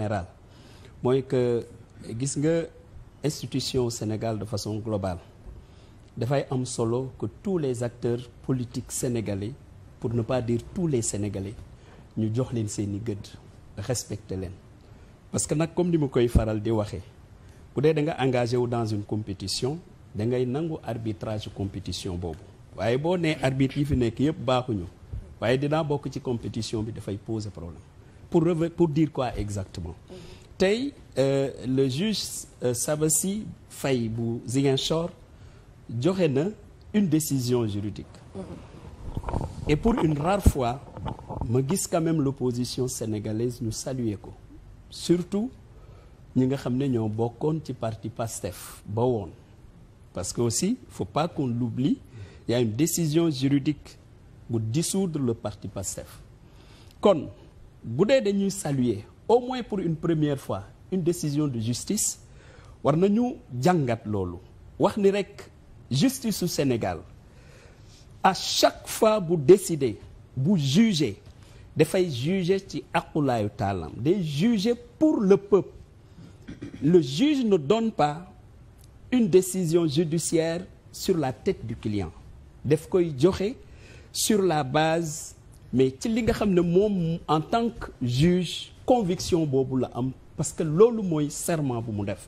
général mooy que gis nga institution Sénégal de façon globale dafay am solo que tous les acteurs politiques sénégalais pour ne pas dire tous les sénégalais ñu jox leen seen i gëdd respecter leen parce que nag comme ni ma koy faral di waxee ku dee da nga engagé wu dans une compétition da ngay nangu arbitrage compétition boobu waaye boo nee arbitre yi fi nekk yëpp baaxuñu waaye dinaa bokk ci compétition bi dafay poser problème pour pour dire quoi exactement tey euh, le juge euh, Sabassi Faye bu Ziguinchor joxe na une décision juridique et pour une rare fois ma gis quand même l'opposition sénégalaise ñu saluer ko surtout ñi nga xam ne ñoo bokkoon ci parti PASTEF ba woon parce que aussi faut pas qu'on l'oublie il y a une décision juridique bu dissoudre le parti PASTEF kon bu dee dañuy saluer au moins pour une première fois une décision de justice war nañu jàngat loolu wax ni rekk justice su Sénégal à chaque fois bu décider bu juger dafay juger ci aqulaayu taalam day juger pour le peuple le juge ne donne pas une décision judiciaire sur la tête du client daf koy joxe sur la base mais ci li nga xam ne moom en tant que juge conviction boobu la am parce que loolu mooy serment bu mu def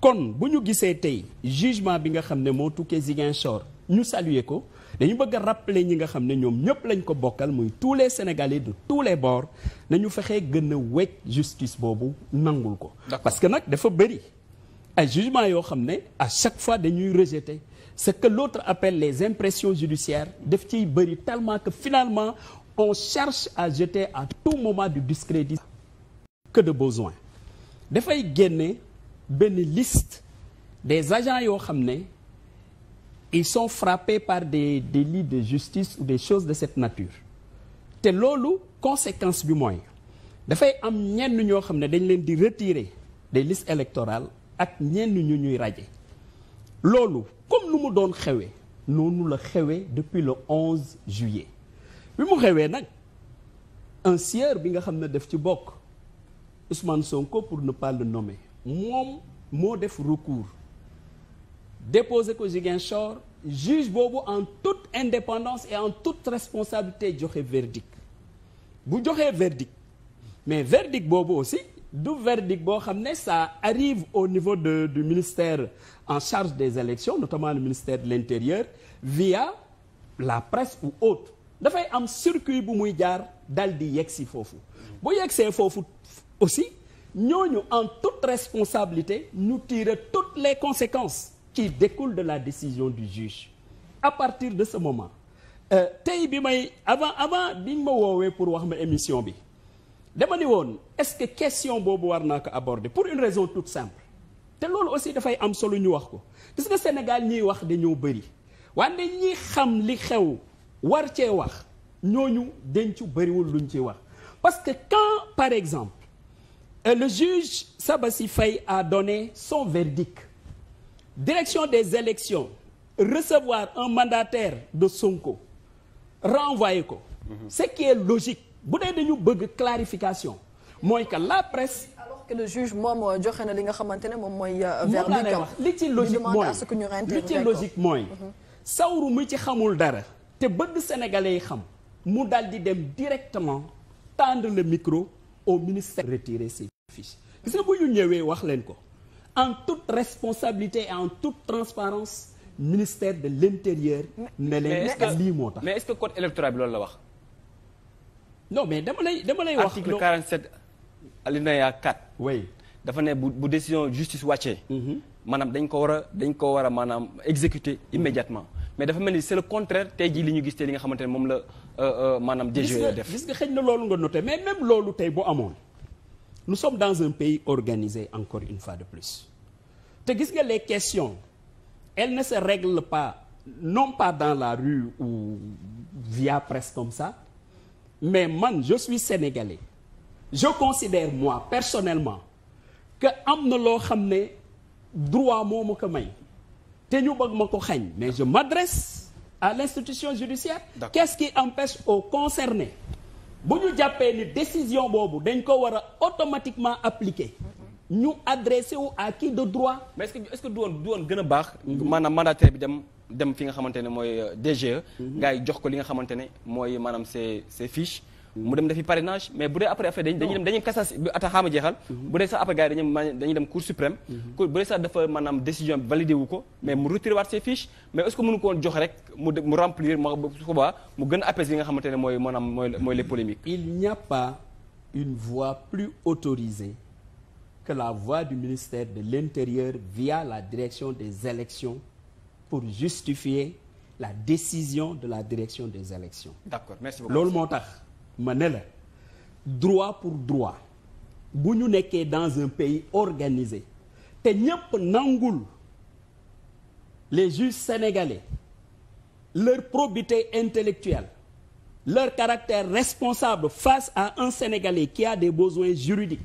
kon bu ñu gisee tey jugement bi nga xam ne moo tukkee Ziguinchor ñu saluer ko dañu bëgg a rappeler ñi nga xam ne ñoom ñëpp lañ ko bokkal muy tous les sénégalais de tous les bords nañu fexee gën a wecc justice boobu nangul ko parce que nag dafa bëri ay jugement yoo xam ne à chaque fois dañuy rejeter ce que l'autre appelle les impressions judiciaires daf ciy bëri tellement que finalement on cherche à jeter à tout moment du discrédit que de besoin dafay génne benn list des agents yoo xam ne ils sont frappés par des délits de justice ou des choses de cette nature te loolu conséquence bi mooy dafay am ñenn ñoo xam ne dañ leen di retirer des listes électorales ak ñenn ñu ñuy raje loolu comme lu mu doon xewee noonu la xewee depuis le 11 juillet bi mu xewee nag un sieur bi nga xam ne def ci bokk Ousmane Sonko pour ne pas le nommer moom moo def recours déposé ko Ziguinchor juge boobu en toute indépendance et en toute responsabilité joxe verdict bu joxe verdict mais verdict boobu aussi du verdict boo xam ne ça arrive au niveau de du ministère en charge des élections notamment le ministère de l'intérieur via la presse ou autre dafay am circuit bu muy jaar dal di yegsi foofu bu yegsee foofu aussi ñu en toute responsabilité ñu tirer toute les conséquences qui découlent de la décision du juge à partir de ce moment euh, tey bi may avant avant biñ ma woowee pour wax ma émission bi dama ni woon est-ce que question boobu war naa ko aborder pour une raison toute simple te loolu aussi dafay am solo ñu wax ko dis nga Sénégal ñuy wax dañoo bëri wante ñi xam li xew war cee wax ñooñu dencu bëriwul luñ ci wax parce que quand par exemple euh, le juge Sabassi Faye a donné son verdict direction des élections recevoir un mandataire de Sonko renvoyer ko mm -hmm. ce qui est logique bu dee dañu bëgg clarification mooy que la presse alors que le euh, joxe na li nga xamante ne moom mooy euh, verdict li ci logique mooy li ci logique mooy mhm. sawru mu ci xamul dara te bëgg sénégalais yi xam mu dal di dem directement tendre le micro au ministère retirer ses fiches gis nga bu ñu ñëwee wax leen ko en toute responsabilité et en toute transparence ministère de l'intérieur ne leen lii moo tax mais est que code électoral bi loolu la wax non mais dama lay dama lay wax article 47 alinéa 4 way dafa ne bu bu décision justice wàccee mhm. maanaam dañ ko war a dañ ko war a maanaam exécuter immédiatement mais dafa mel ni c'est le contraire tey jii li ñu gis te li nga xamante ne moom la euh, euh, maanaam DGE def gis nga xëy na loolu nga noté mais même loolu tey bu amoon nous sommes dans un pays organisé encore une fois de plus te gis nga les question elles ne se règlent pas non pas dans la rue ou via presse comme ça mais man je suis sénégalais je considère moi personnellement que am na loo xam ne droit moo ma may te ñu bëgg ma ko xañ mais je m'adresse à l'institution judiciaire qu'est-ce qui empêche aux concernés bu ñu jàppee ni décision boobu dañ ko war a automatiquement appliquer ñu adressé wu à qui de droit mais est que est-ce que du woon du woon gën a baax maanaam mandataire bi dem dem fi nga xamante ne mooy euh, DGE ngay mhm. jox ko li nga xamante ne mooy maanaam ces ces fiches mu dem defi parrainage mais bu dee après affaire dañuy dem dañuy cassation ata xaama jeexal mhm. bu dee sax après gars yi dañuy dañuy dem cour suprême mhm. bu dee sax dafa maanaam décision validé ko mais mu retiré waat ses fiches mais est-ce que jox rek mu mu mu gën a apaiser li nga xamante ne mooy maanaam mooy mooy les il n'y a pas une voie plus autorisée que la voie du ministère de l'Intérieur via la direction des élections pour justifier la décision de la direction des élections. D'accord, merci loolu moo tax ma ne la droit pour droit bu ñu nekkee dans un pays organisé te ñépp nangul les juges sénégalais leur probité intellectuelle leur caractère responsable face à un Sénégalais qui a des besoins juridiques